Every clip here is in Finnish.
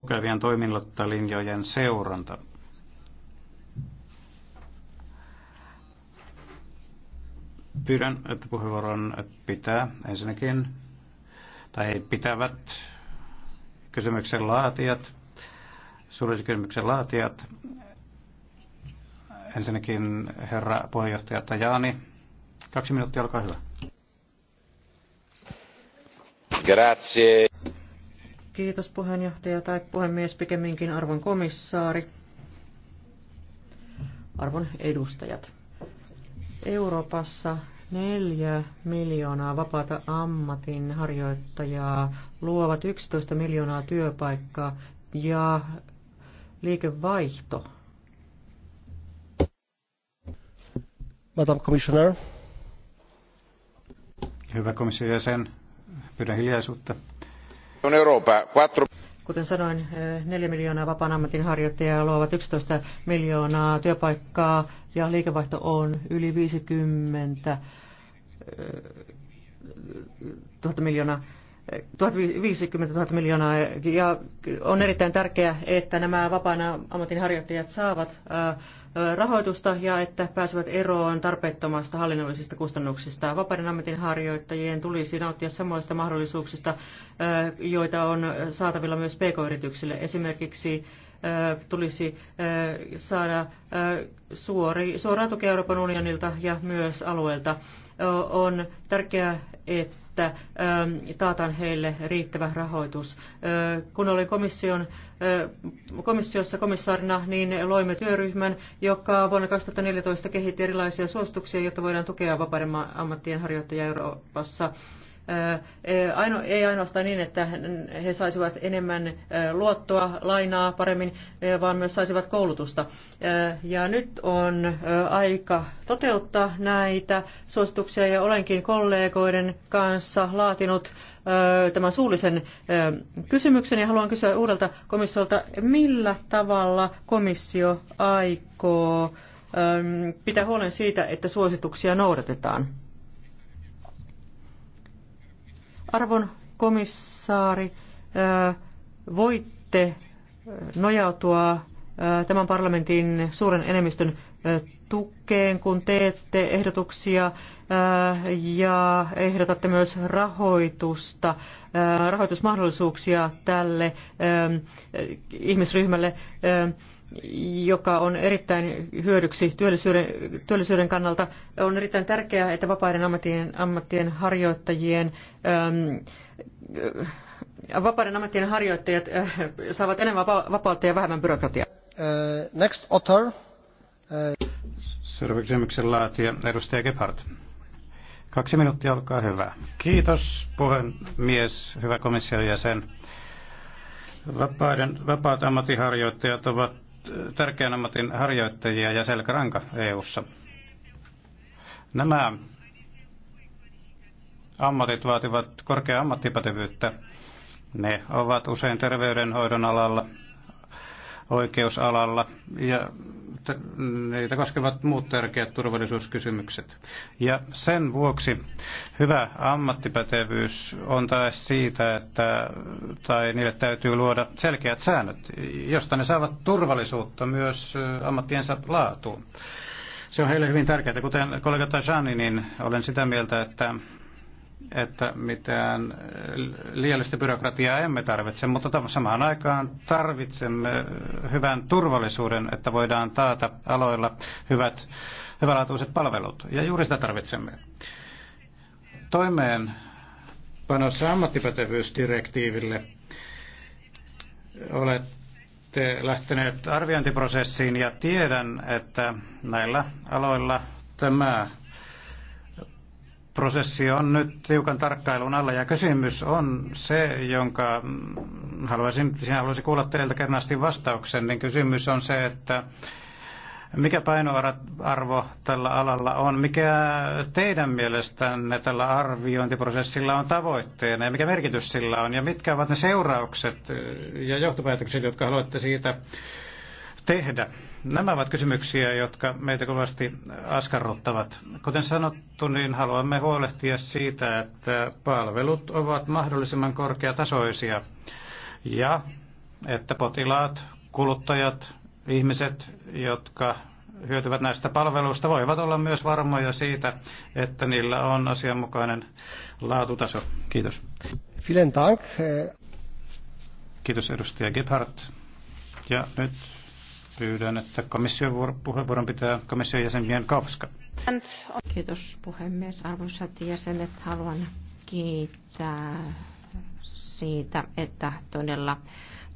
tukevien toimintalinjojen seuranta. Pyydän, että puheenvuoron pitää ensinnäkin, tai pitävät kysymyksen laatijat, suullisen kysymyksen laatijat, ensinnäkin herra puheenjohtaja Tajani. Kaksi minuuttia, olkaa hyvä. Grazie. Kiitos puheenjohtaja tai puhemies pikemminkin arvon komissaari. Arvon edustajat. Euroopassa neljä miljoonaa vapaata ammatin harjoittajaa luovat 11 miljoonaa työpaikkaa ja liikevaihto. Madam Commissioner. Hyvä komission jäsen, pyydän hiljaisuutta. Kuten sanoin, 4 eh, miljoonaa vapaan ammatin harjoittajaa luovat 11 miljoonaa työpaikkaa ja liikevaihto on yli 50 000 eh, miljoonaa. 1050 000 miljoonaa ja on erittäin tärkeää, että nämä vapaana ammatinharjoittajat saavat rahoitusta ja että pääsevät eroon tarpeettomasta hallinnollisista kustannuksista. Vapaiden ammatinharjoittajien tulisi nauttia samoista mahdollisuuksista, joita on saatavilla myös pk-yrityksille. Esimerkiksi tulisi saada suori, suoraa tukea Euroopan unionilta ja myös alueelta. On tärkeää, että että ähm, taataan heille riittävä rahoitus. Äh, kun olin komission, äh, komissiossa komissaarina, niin loimme työryhmän, joka vuonna 2014 kehitti erilaisia suosituksia, jotta voidaan tukea vapaiden ammattien harjoittajia Euroopassa ei ainoastaan niin, että he saisivat enemmän luottoa, lainaa paremmin, vaan myös saisivat koulutusta. Ja nyt on aika toteuttaa näitä suosituksia ja olenkin kollegoiden kanssa laatinut tämän suullisen kysymyksen ja haluan kysyä uudelta komissiolta, millä tavalla komissio aikoo pitää huolen siitä, että suosituksia noudatetaan? Arvon komissaari, voitte nojautua tämän parlamentin suuren enemmistön tukeen, kun teette ehdotuksia ja ehdotatte myös rahoitusta, rahoitusmahdollisuuksia tälle ihmisryhmälle joka on erittäin hyödyksi työllisyyden, työllisyyden kannalta. On erittäin tärkeää, että vapaiden ammattien, ammattien harjoittajien ähm, äh, vapaiden ammattien harjoittajat äh, saavat enemmän vapautta ja vähemmän byrokratiaa. Uh, next author. Uh... Äh, Seuraava kysymyksen laatija, edustaja Gebhardt. Kaksi minuuttia, olkaa hyvä. Kiitos puhemies, hyvä komission jäsen. Vapaiden, vapaat ammattiharjoittajat ovat tärkeän ammatin harjoittajia ja selkäranka EU:ssa. Nämä ammatit vaativat korkeaa ammattipätevyyttä. Ne ovat usein terveydenhoidon alalla, oikeusalalla ja niitä koskevat muut tärkeät turvallisuuskysymykset. Ja sen vuoksi hyvä ammattipätevyys on tae siitä, että tai niille täytyy luoda selkeät säännöt, josta ne saavat turvallisuutta myös ammattiensa laatuun. Se on heille hyvin tärkeää. Kuten kollega Tajani, niin olen sitä mieltä, että että mitään liiallista byrokratiaa emme tarvitse, mutta samaan aikaan tarvitsemme hyvän turvallisuuden, että voidaan taata aloilla hyvät, hyvälaatuiset palvelut. Ja juuri sitä tarvitsemme. panossa ammattipätevyysdirektiiville olette lähteneet arviointiprosessiin ja tiedän, että näillä aloilla tämä prosessi on nyt tiukan tarkkailun alla ja kysymys on se, jonka mm, haluaisin, haluaisin kuulla teiltä kernaasti vastauksen, niin kysymys on se, että mikä painoarvo tällä alalla on? Mikä teidän mielestänne tällä arviointiprosessilla on tavoitteena ja mikä merkitys sillä on? Ja mitkä ovat ne seuraukset ja johtopäätökset, jotka haluatte siitä tehdä? Nämä ovat kysymyksiä, jotka meitä kovasti askarruttavat. Kuten sanottu, niin haluamme huolehtia siitä, että palvelut ovat mahdollisimman korkeatasoisia ja että potilaat, kuluttajat, ihmiset, jotka hyötyvät näistä palveluista, voivat olla myös varmoja siitä, että niillä on asianmukainen laatutaso. Kiitos. Vielen Dank. Kiitos edustaja Gebhardt. Ja nyt Pyydän, että komission puheenvuoron pitää komission jäsenien Kavska. Kiitos puhemies. Arvoisat jäsenet, haluan kiittää siitä, että todella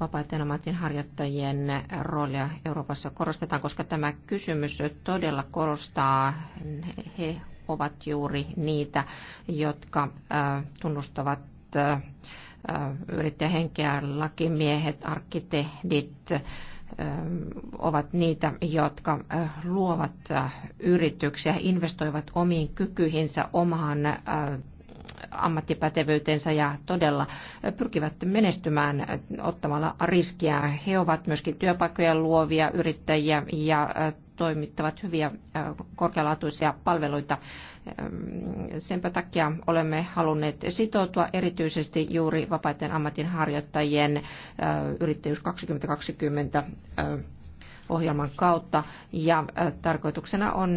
vapaiden ammatin harjoittajien roolia Euroopassa korostetaan, koska tämä kysymys todella korostaa he ovat juuri niitä, jotka tunnustavat yrittäjähenkeä, lakimiehet, arkkitehdit, ovat niitä, jotka luovat yrityksiä, investoivat omiin kykyihinsä, omaan ammattipätevyytensä ja todella pyrkivät menestymään ottamalla riskiä. He ovat myöskin työpaikkoja luovia yrittäjiä ja toimittavat hyviä korkealaatuisia palveluita. Senpä takia olemme halunneet sitoutua erityisesti juuri vapaiden ammatinharjoittajien yrittäjyys 2020 ohjelman kautta ja tarkoituksena on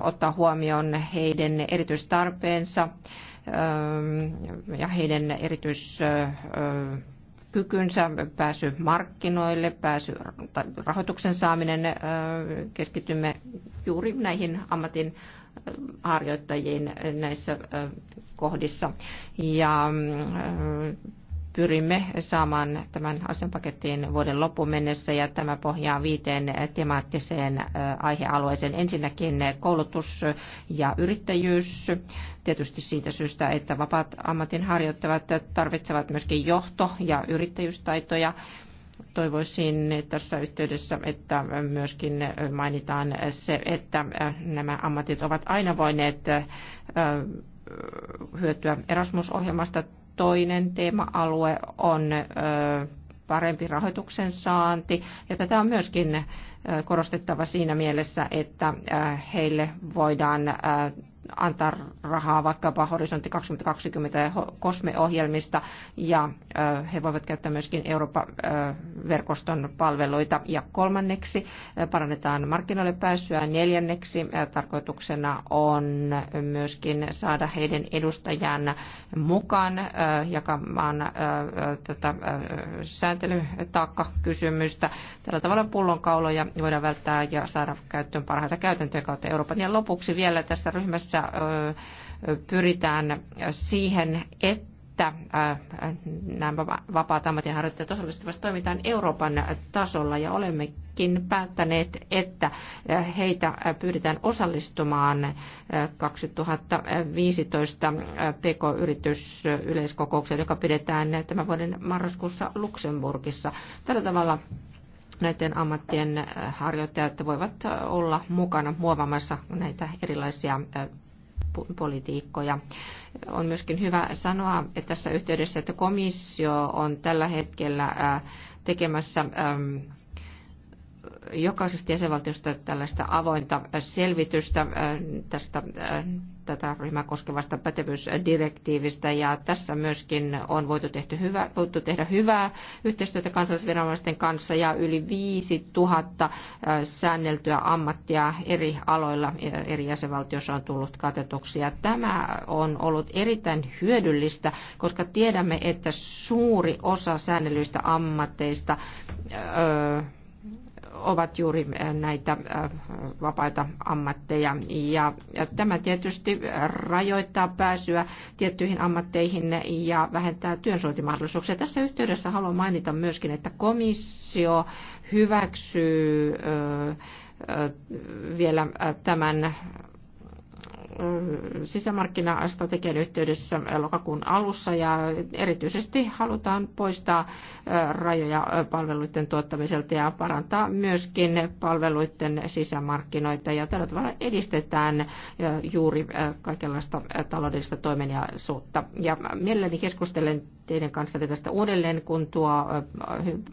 ottaa huomioon heidän erityistarpeensa ähm, ja heidän erityiskykynsä, äh, pääsy markkinoille, pääsy rahoituksen saaminen. Äh, keskitymme juuri näihin ammatin äh, harjoittajiin näissä kohdissa. Ja pyrimme saamaan tämän asianpakettiin vuoden loppuun mennessä ja tämä pohjaa viiteen temaattiseen aihealueeseen. Ensinnäkin koulutus ja yrittäjyys, tietysti siitä syystä, että vapaat ammatin harjoittavat tarvitsevat myöskin johto- ja yrittäjyystaitoja toivoisin tässä yhteydessä, että myöskin mainitaan se, että nämä ammatit ovat aina voineet hyötyä Erasmus-ohjelmasta Toinen teema-alue on parempi rahoituksen saanti. Ja tätä on myöskin korostettava siinä mielessä, että heille voidaan antaa rahaa vaikkapa Horisontti 2020 ja cosme ohjelmista ja he voivat käyttää myöskin Euroopan verkoston palveluita. Ja kolmanneksi parannetaan markkinoille pääsyä. Neljänneksi tarkoituksena on myöskin saada heidän edustajan mukaan jakamaan tätä sääntelytaakkakysymystä. Tällä tavalla pullonkauloja voidaan välttää ja saada käyttöön parhaita käytäntöjä kautta Euroopan. Ja lopuksi vielä tässä ryhmässä tässä pyritään siihen, että että nämä vapaat ammatinharjoittajat osallistuvat toimintaan Euroopan tasolla ja olemmekin päättäneet, että heitä pyydetään osallistumaan 2015 pk yritysyleiskokoukseen joka pidetään tämän vuoden marraskuussa Luxemburgissa. Tällä tavalla näiden ammattien harjoittajat voivat olla mukana muovamassa näitä erilaisia politiikkoja. On myöskin hyvä sanoa että tässä yhteydessä, että komissio on tällä hetkellä tekemässä jokaisesta jäsenvaltiosta tällaista avointa selvitystä tästä tätä ryhmää koskevasta pätevyysdirektiivistä ja tässä myöskin on voitu, tehty hyvä, voitu tehdä hyvää yhteistyötä kansallisviranomaisten kanssa ja yli 5000 äh, säänneltyä ammattia eri aloilla e, eri jäsenvaltioissa on tullut katetuksi ja tämä on ollut erittäin hyödyllistä, koska tiedämme, että suuri osa säännellyistä ammatteista öö, ovat juuri eh, näitä eh, vapaita ammatteja. Ja tämä tietysti rajoittaa pääsyä tiettyihin ammatteihin ja vähentää työnsuojelmahdollisuuksia. Tässä yhteydessä haluan mainita myöskin, että komissio hyväksyy eh, vielä tämän Mm, sisämarkkinastrategian yhteydessä äh, lokakuun alussa ja erityisesti halutaan poistaa äh, rajoja äh, palveluiden tuottamiselta ja parantaa myöskin palveluiden sisämarkkinoita ja tällä tavalla edistetään juuri kaikenlaista taloudellista toimeliaisuutta. Ja mielelläni keskustelen teidän kanssa tästä uudelleen, kun tuo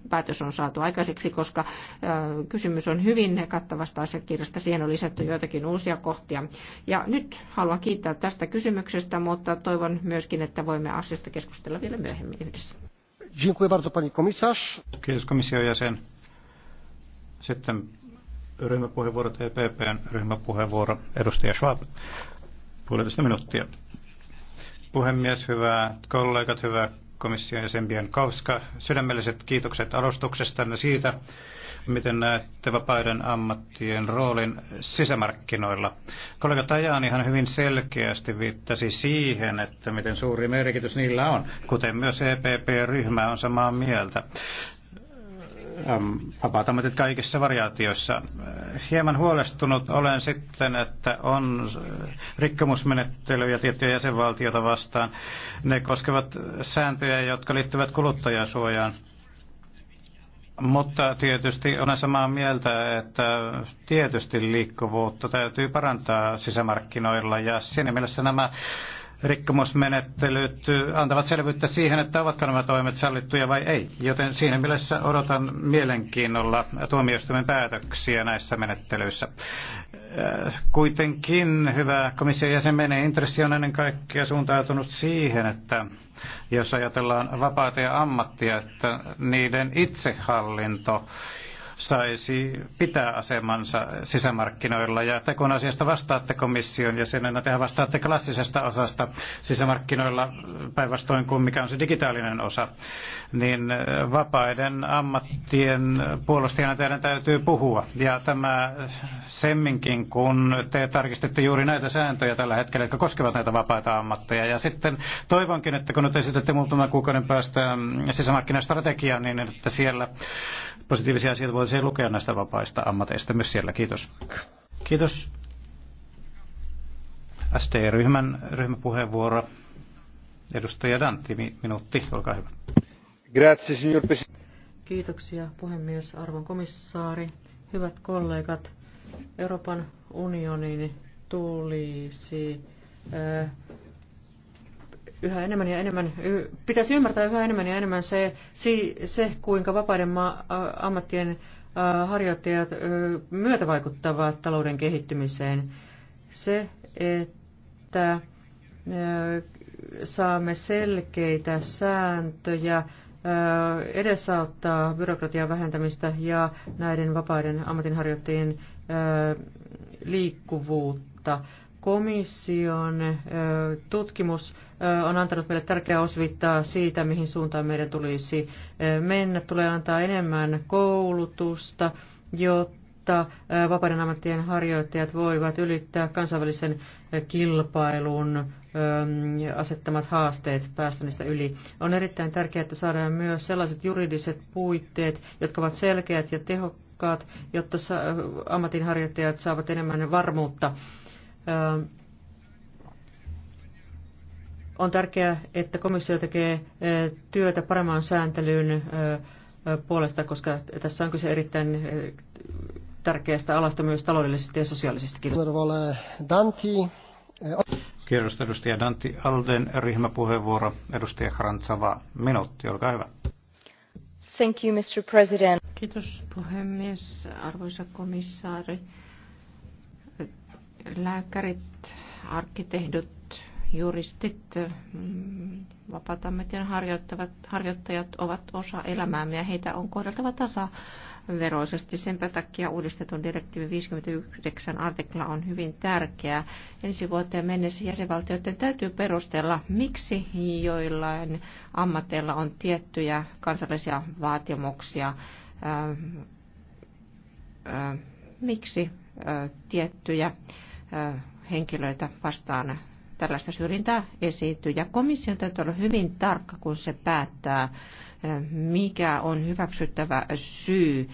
päätös on saatu aikaiseksi, koska kysymys on hyvin kattavasta asiakirjasta. Siihen on lisätty joitakin uusia kohtia. Ja nyt haluan kiittää tästä kysymyksestä, mutta toivon myöskin, että voimme asiasta keskustella vielä myöhemmin yhdessä. Dziękuję bardzo, pani komisarz. Kiitos komission jäsen. Sitten ryhmäpuheenvuorot, EPPn ryhmäpuheenvuoro, edustaja Schwab, puolitoista minuuttia. Puhemies, hyvää kollegat, hyvä komission jäsen Biankowska, sydämelliset kiitokset alustuksestanne siitä, Miten näette vapaiden ammattien roolin sisämarkkinoilla? Kollega Tajaan ihan hyvin selkeästi viittasi siihen, että miten suuri merkitys niillä on, kuten myös EPP-ryhmä on samaa mieltä ähm, vapaat ammatit kaikissa variaatioissa. Hieman huolestunut olen sitten, että on rikkomusmenettelyjä tiettyjä jäsenvaltioita vastaan. Ne koskevat sääntöjä, jotka liittyvät kuluttajasuojaan. Mutta tietysti olen samaa mieltä, että tietysti liikkuvuutta täytyy parantaa sisämarkkinoilla ja siinä mielessä nämä rikkomusmenettelyt antavat selvyyttä siihen, että ovatko nämä toimet sallittuja vai ei. Joten siinä mielessä odotan mielenkiinnolla tuomioistuimen päätöksiä näissä menettelyissä. Kuitenkin, hyvä komission jäsen, menee intressi on ennen kaikkea suuntautunut siihen, että jos ajatellaan vapaata ja ammattia, että niiden itsehallinto saisi pitää asemansa sisämarkkinoilla. Ja te kun asiasta vastaatte komission jäsenenä, tehän vastaatte klassisesta osasta sisämarkkinoilla päinvastoin kuin mikä on se digitaalinen osa, niin vapaiden ammattien puolustajana teidän täytyy puhua. Ja tämä semminkin, kun te tarkistitte juuri näitä sääntöjä tällä hetkellä, jotka koskevat näitä vapaita ammatteja. Ja sitten toivonkin, että kun nyt esitätte muutaman kuukauden päästä sisämarkkinastrategiaa, niin että siellä positiivisia asioita voisi lukea näistä vapaista ammateista myös siellä. Kiitos. Kiitos. ST-ryhmän ryhmäpuheenvuoro. Edustaja Dantti, minuutti, olkaa hyvä. Grazie, signor Kiitoksia puhemies, arvon komissaari, hyvät kollegat. Euroopan unionin tulisi eh, yhä enemmän ja enemmän, pitäisi ymmärtää yhä enemmän ja enemmän se, se kuinka vapaiden ma- ammattien harjoittajat myötävaikuttavat talouden kehittymiseen. Se, että saamme selkeitä sääntöjä, edesauttaa byrokratian vähentämistä ja näiden vapaiden ammatinharjoittajien liikkuvuutta komission tutkimus on antanut meille tärkeää osvittaa siitä, mihin suuntaan meidän tulisi mennä. Tulee antaa enemmän koulutusta, jotta vapaiden ammattien harjoittajat voivat ylittää kansainvälisen kilpailun asettamat haasteet päästä niistä yli. On erittäin tärkeää, että saadaan myös sellaiset juridiset puitteet, jotka ovat selkeät ja tehokkaat, jotta ammatinharjoittajat saavat enemmän varmuutta on tärkeää, että komissio tekee työtä paremman sääntelyyn puolesta, koska tässä on kyse erittäin tärkeästä alasta myös taloudellisesti ja sosiaalisesti. Kiitos. edustaja Dantti Alden ryhmäpuheenvuoro. Edustaja Harantsava, minuutti, olkaa hyvä. Thank you, Mr. President. Kiitos puhemies, arvoisa komissaari lääkärit, arkkitehdot, juristit, mm, vapaatammetien harjoittavat, harjoittajat ovat osa elämäämme ja heitä on kohdeltava veroisesti. Sen takia uudistetun direktiivi 59 artikla on hyvin tärkeä. Ensi vuoteen mennessä jäsenvaltioiden täytyy perustella, miksi joillain ammateilla on tiettyjä kansallisia vaatimuksia, miksi tiettyjä henkilöitä vastaan tällaista syrjintää esiintyy. Ja komission täytyy olla hyvin tarkka, kun se päättää, mikä on hyväksyttävä syy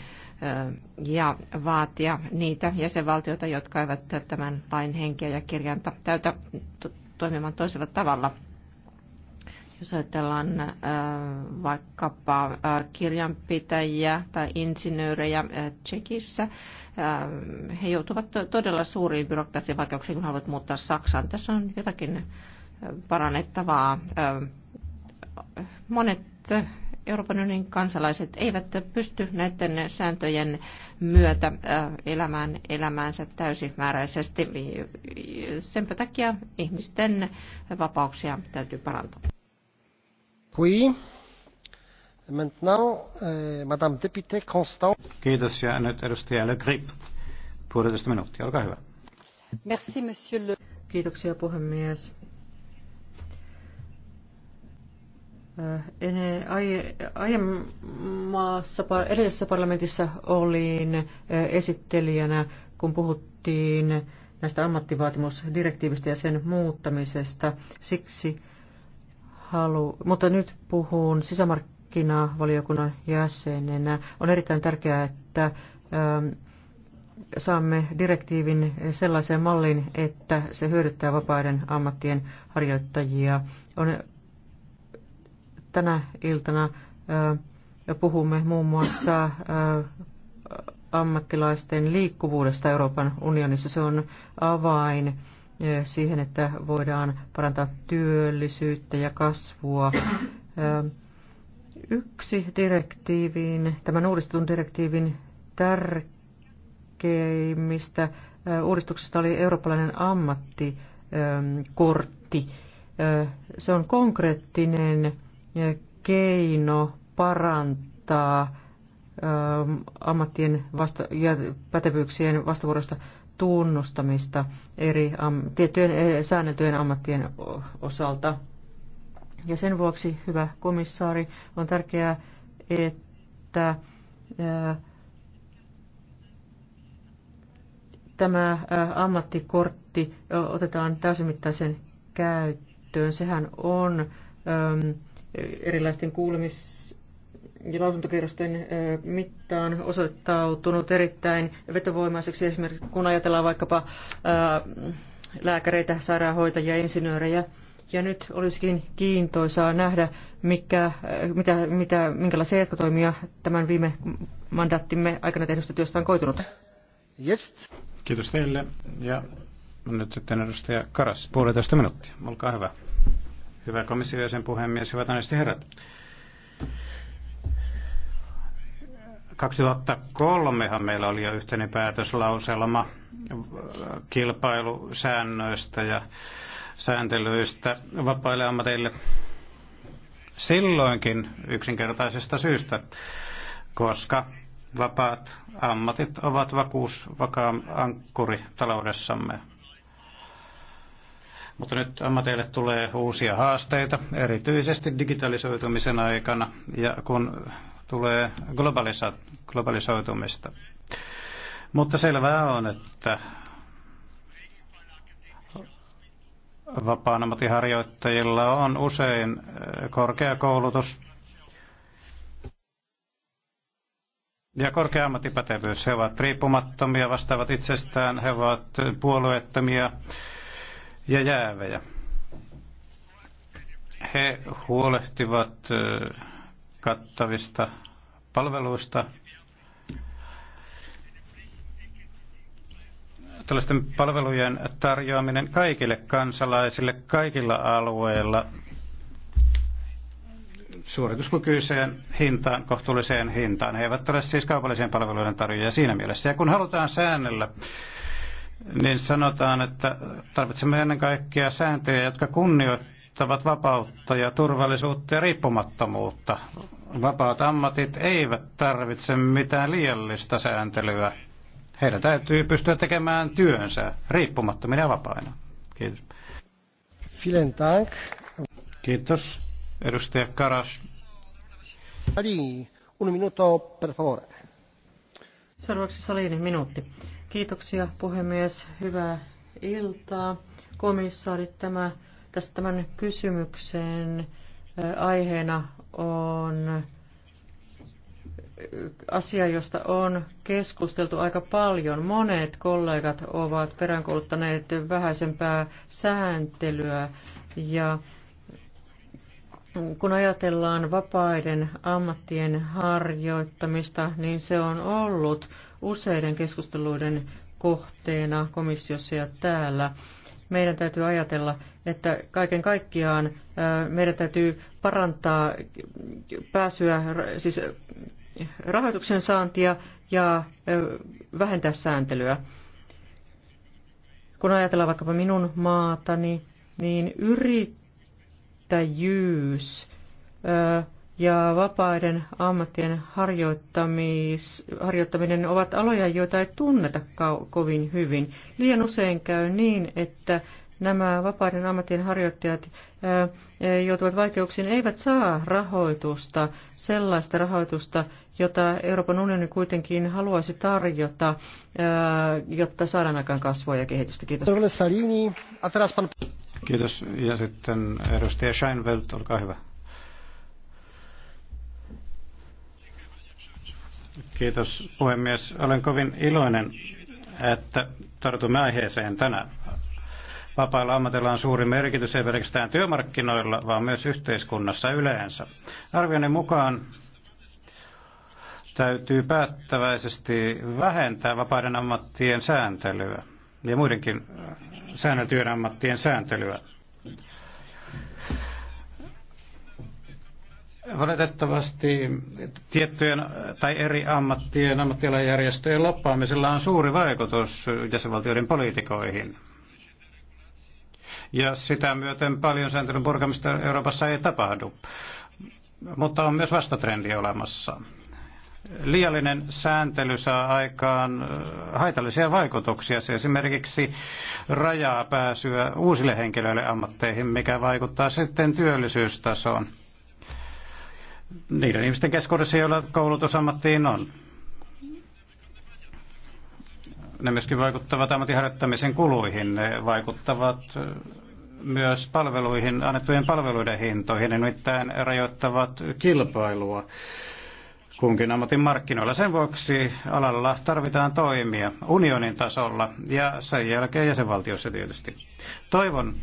ja vaatia niitä jäsenvaltioita, jotka eivät tämän lain henkeä ja kirjanta täytä toimimaan toisella tavalla. Jos ajatellaan äh, vaikkapa äh, kirjanpitäjiä tai insinöörejä äh, Tsekissä, he joutuvat todella suuriin byrokratian vaikeuksiin, kun haluavat muuttaa Saksaan. Tässä on jotakin parannettavaa. Monet Euroopan unionin kansalaiset eivät pysty näiden sääntöjen myötä elämään elämäänsä täysimääräisesti. Sen takia ihmisten vapauksia täytyy parantaa. Eh, Kiitos ja nyt edustaja Le Grip. Puolitoista minuuttia, olkaa hyvä. Merci, monsieur le... Kiitoksia puhemies. Eh, aiemmassa, edellisessä parlamentissa olin eh, esittelijänä, kun puhuttiin näistä ammattivaatimusdirektiivistä ja sen muuttamisesta. Siksi halu, mutta nyt puhun sisämarkkinavaliokunnan jäsenenä. On erittäin tärkeää, että ähm, saamme direktiivin sellaiseen malliin, että se hyödyttää vapaiden ammattien harjoittajia. On tänä iltana äh, puhumme muun muassa äh, ammattilaisten liikkuvuudesta Euroopan unionissa. Se on avain siihen, että voidaan parantaa työllisyyttä ja kasvua. Yksi direktiivin, tämän uudistetun direktiivin tärkeimmistä uudistuksista oli eurooppalainen ammattikortti. Se on konkreettinen keino parantaa ammattien vasta- ja pätevyyksien vastavuoroista tunnustamista eri am- tiettyjen eh, säänneltyjen ammattien osalta. Ja sen vuoksi, hyvä komissaari, on tärkeää, että ää, eh, tämä ää, eh, ammattikortti otetaan täysimittaisen käyttöön. Sehän on äm, erilaisten kuulemis lausuntokierrosten mittaan osoittautunut erittäin vetovoimaiseksi, esimerkiksi kun ajatellaan vaikkapa lääkäreitä, sairaanhoitajia, insinöörejä. Ja nyt olisikin kiintoisaa nähdä, mikä, mitä, mitä, minkälaisia jatkotoimia tämän viime mandaattimme aikana tehdystä työstä on koitunut. Yes. Kiitos teille. Ja nyt sitten edustaja Karas, puolitoista minuuttia. Olkaa hyvä. Hyvä komissio ja sen puhemies, hyvät naiset herrat. 2003han meillä oli jo yhteinen päätöslauselma äh, kilpailusäännöistä ja sääntelyistä vapaille ammateille silloinkin yksinkertaisesta syystä, koska vapaat ammatit ovat vakuus, vakaa ankkuri taloudessamme. Mutta nyt ammateille tulee uusia haasteita, erityisesti digitalisoitumisen aikana, ja kun tulee globalisa- globalisoitumista. Mutta selvää on, että vapaan ammattiharjoittajilla on usein eh, korkeakoulutus ja korkea ammattipätevyys. He ovat riippumattomia, vastaavat itsestään, he ovat puolueettomia ja jäävejä. He huolehtivat äh, kattavista palveluista. Tällaisten palvelujen tarjoaminen kaikille kansalaisille kaikilla alueilla suorituskykyiseen hintaan, kohtuulliseen hintaan. He eivät ole siis kaupallisen palveluiden tarjoajia siinä mielessä. Ja kun halutaan säännellä, niin sanotaan, että tarvitsemme ennen kaikkea sääntöjä, jotka kunnioittavat edustavat vapautta ja turvallisuutta ja riippumattomuutta. Vapaat ammatit eivät tarvitse mitään liiallista sääntelyä. Heidän täytyy pystyä tekemään työnsä riippumattomina ja vapaina. Kiitos. Vielen dank. Kiitos. Edustaja Karas. Salini, un minuto per favore. Seuraavaksi Salini, niin minuutti. Kiitoksia puhemies. Hyvää iltaa. Komissaarit, tämä tässä tämän kysymyksen aiheena on asia, josta on keskusteltu aika paljon. Monet kollegat ovat peräänkuuluttaneet vähäisempää sääntelyä ja kun ajatellaan vapaiden ammattien harjoittamista, niin se on ollut useiden keskusteluiden kohteena komissiossa ja täällä meidän täytyy ajatella, että kaiken kaikkiaan meidän täytyy parantaa pääsyä, siis rahoituksen saantia ja vähentää sääntelyä. Kun ajatellaan vaikkapa minun maatani, niin yrittäjyys ja vapaiden ammattien harjoittaminen ovat aloja, joita ei tunneta kovin hyvin. Liian usein käy niin, että nämä vapaiden ammattien harjoittajat joutuvat vaikeuksiin, eivät saa rahoitusta, sellaista rahoitusta, jota Euroopan unioni kuitenkin haluaisi tarjota, jotta saadaan aikaan kasvua ja kehitystä. Kiitos. Kiitos. Ja sitten edustaja Scheinwelt, olkaa hyvä. Kiitos puhemies. Olen kovin iloinen, että tartumme aiheeseen tänään. Vapailla ammatilla on suuri merkitys ei pelkästään työmarkkinoilla, vaan myös yhteiskunnassa yleensä. Arvioinnin mukaan täytyy päättäväisesti vähentää vapaiden ammattien sääntelyä ja muidenkin säänneltyjen ammattien sääntelyä. Valitettavasti tiettyjen tai eri ammattien ammattialajärjestöjen loppaamisella on suuri vaikutus jäsenvaltioiden poliitikoihin. Ja sitä myöten paljon sääntelyn purkamista Euroopassa ei tapahdu. Mutta on myös vastatrendi olemassa. Liiallinen sääntely saa aikaan äh, haitallisia vaikutuksia. Se esimerkiksi rajaa pääsyä uusille henkilöille ammatteihin, mikä vaikuttaa sitten työllisyystasoon niiden ihmisten keskuudessa, joilla koulutusammattiin on. Ne myöskin vaikuttavat ammattiharjoittamisen kuluihin, ne vaikuttavat myös palveluihin, annettujen palveluiden hintoihin, ne nimittäin rajoittavat kilpailua kunkin ammatin markkinoilla. Sen vuoksi alalla tarvitaan toimia unionin tasolla ja sen jälkeen jäsenvaltiossa tietysti. Toivon,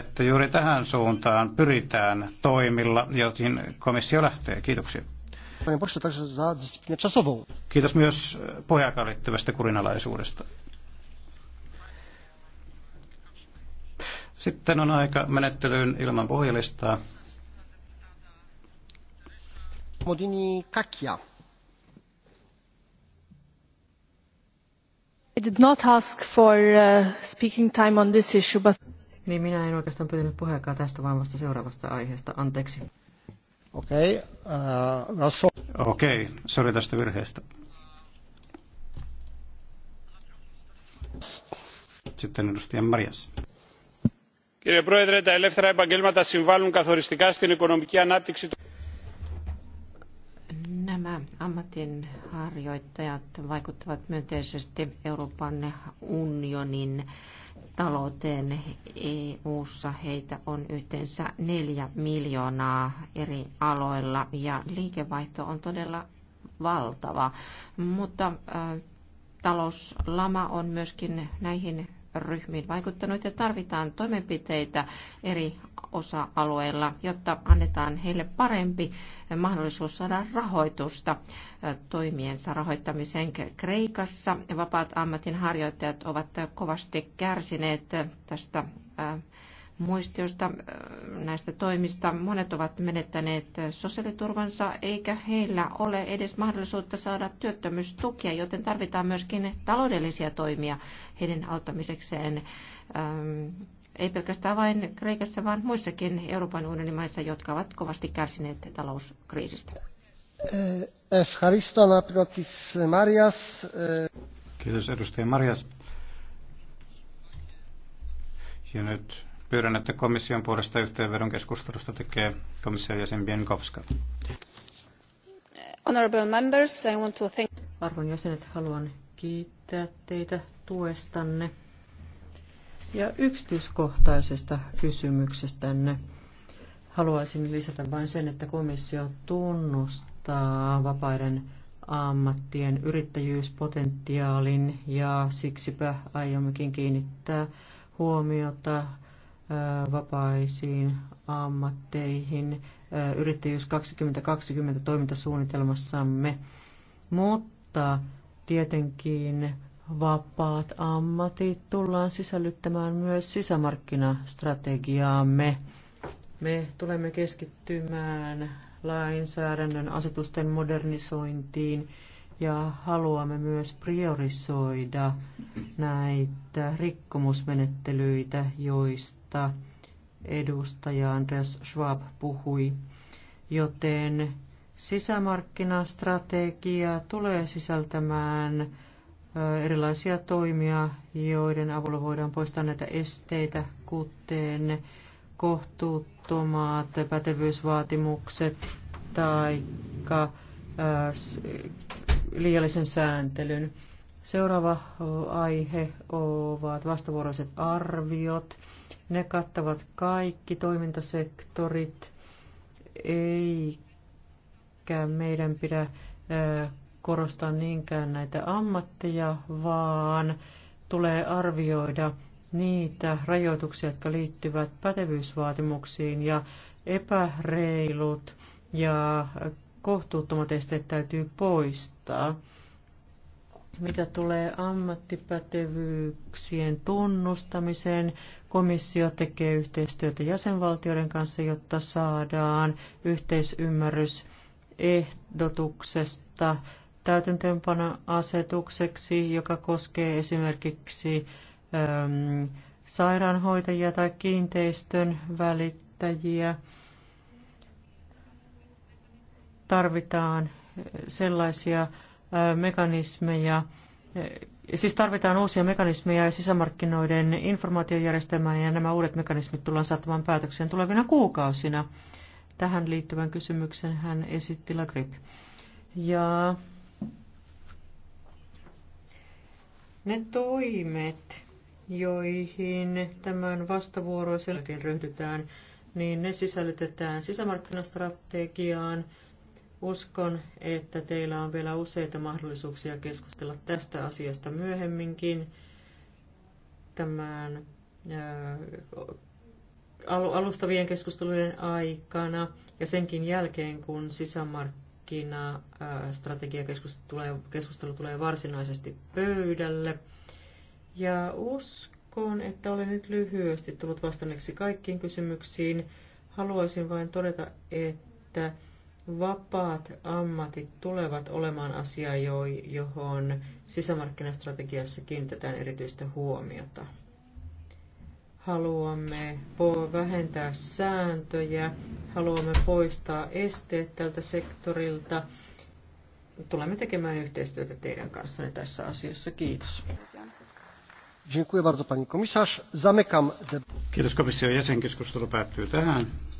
että juuri tähän suuntaan pyritään toimilla, joihin komissio lähtee. Kiitoksia. Kiitos myös pohjaakaan liittyvästä kurinalaisuudesta. Sitten on aika menettelyyn ilman pohjalistaa. Modini Kakia. I did not ask for uh, speaking time on this issue, but... Niin minä en oikeastaan pyytänyt puheenkaa tästä, vaan vasta seuraavasta aiheesta. Anteeksi. Okei, okay. uh, äh, Okei, okay. sori tästä virheestä. Sitten edustaja Marias. Κύριε Πρόεδρε, τα ελεύθερα επαγγέλματα συμβάλλουν καθοριστικά στην οικονομική ανάπτυξη του nämä ammatin harjoittajat vaikuttavat myönteisesti Euroopan unionin talouteen EU-ssa. Heitä on yhteensä neljä miljoonaa eri aloilla ja liikevaihto on todella valtava. Mutta talouslama on myöskin näihin ryhmiin vaikuttanut ja tarvitaan toimenpiteitä eri osa-alueilla, jotta annetaan heille parempi mahdollisuus saada rahoitusta toimiensa rahoittamiseen Kreikassa. Vapaat ammatinharjoittajat ovat kovasti kärsineet tästä muistiosta äh, näistä toimista. Monet ovat menettäneet äh, sosiaaliturvansa, eikä heillä ole edes mahdollisuutta saada työttömyystukia, joten tarvitaan myöskin taloudellisia toimia heidän auttamisekseen ähm, ei pelkästään vain Kreikassa, vaan muissakin Euroopan unionin maissa, jotka ovat kovasti kärsineet talouskriisistä. Äh, Kiitos edustaja Marias. Ja nyt Pyydän, että komission puolesta yhteenvedon keskustelusta tekee komission jäsen Bienkowska. Honorable members, I want to thank... Arvon jäsenet, haluan kiittää teitä tuestanne ja yksityiskohtaisesta kysymyksestänne. Haluaisin lisätä vain sen, että komissio tunnustaa vapaiden ammattien yrittäjyyspotentiaalin ja siksipä aiommekin kiinnittää huomiota vapaisiin ammatteihin yrittäjyys 2020 toimintasuunnitelmassamme. Mutta tietenkin vapaat ammatit tullaan sisällyttämään myös sisämarkkinastrategiaamme. Me tulemme keskittymään lainsäädännön asetusten modernisointiin, ja haluamme myös priorisoida näitä rikkomusmenettelyitä, joista edustaja Andreas Schwab puhui. Joten sisämarkkinastrategia tulee sisältämään erilaisia toimia, joiden avulla voidaan poistaa näitä esteitä, kuten kohtuuttomat pätevyysvaatimukset tai liiallisen sääntelyn. Seuraava aihe ovat vastavuoroiset arviot. Ne kattavat kaikki toimintasektorit, eikä meidän pidä korostaa niinkään näitä ammatteja, vaan tulee arvioida niitä rajoituksia, jotka liittyvät pätevyysvaatimuksiin ja epäreilut ja kohtuuttomat esteet täytyy poistaa. Mitä tulee ammattipätevyyksien tunnustamiseen, komissio tekee yhteistyötä jäsenvaltioiden kanssa, jotta saadaan yhteisymmärrys ehdotuksesta täytäntöönpano asetukseksi, joka koskee esimerkiksi äm, sairaanhoitajia tai kiinteistön välittäjiä tarvitaan sellaisia mekanismeja, siis tarvitaan uusia mekanismeja ja sisämarkkinoiden informaatiojärjestelmään ja nämä uudet mekanismit tullaan saattamaan päätökseen tulevina kuukausina. Tähän liittyvän kysymyksen hän esitti Lagrip. Ja ne toimet, joihin tämän vastavuoroisen ryhdytään, niin ne sisällytetään sisämarkkinastrategiaan – Uskon, että teillä on vielä useita mahdollisuuksia keskustella tästä asiasta myöhemminkin tämän alustavien keskustelujen aikana ja senkin jälkeen, kun sisämarkkinastrategiakeskustelu tulee varsinaisesti pöydälle. Ja uskon, että olen nyt lyhyesti tullut vastanneeksi kaikkiin kysymyksiin. Haluaisin vain todeta, että Vapaat ammatit tulevat olemaan asia, johon sisämarkkinastrategiassa kiinnitetään erityistä huomiota. Haluamme vähentää sääntöjä, haluamme poistaa esteet tältä sektorilta. Tulemme tekemään yhteistyötä teidän kanssanne tässä asiassa. Kiitos. Dziękuję bardzo pani komisarz. Zamykam Kiitos komission jäsenkeskustelu päättyy tähän.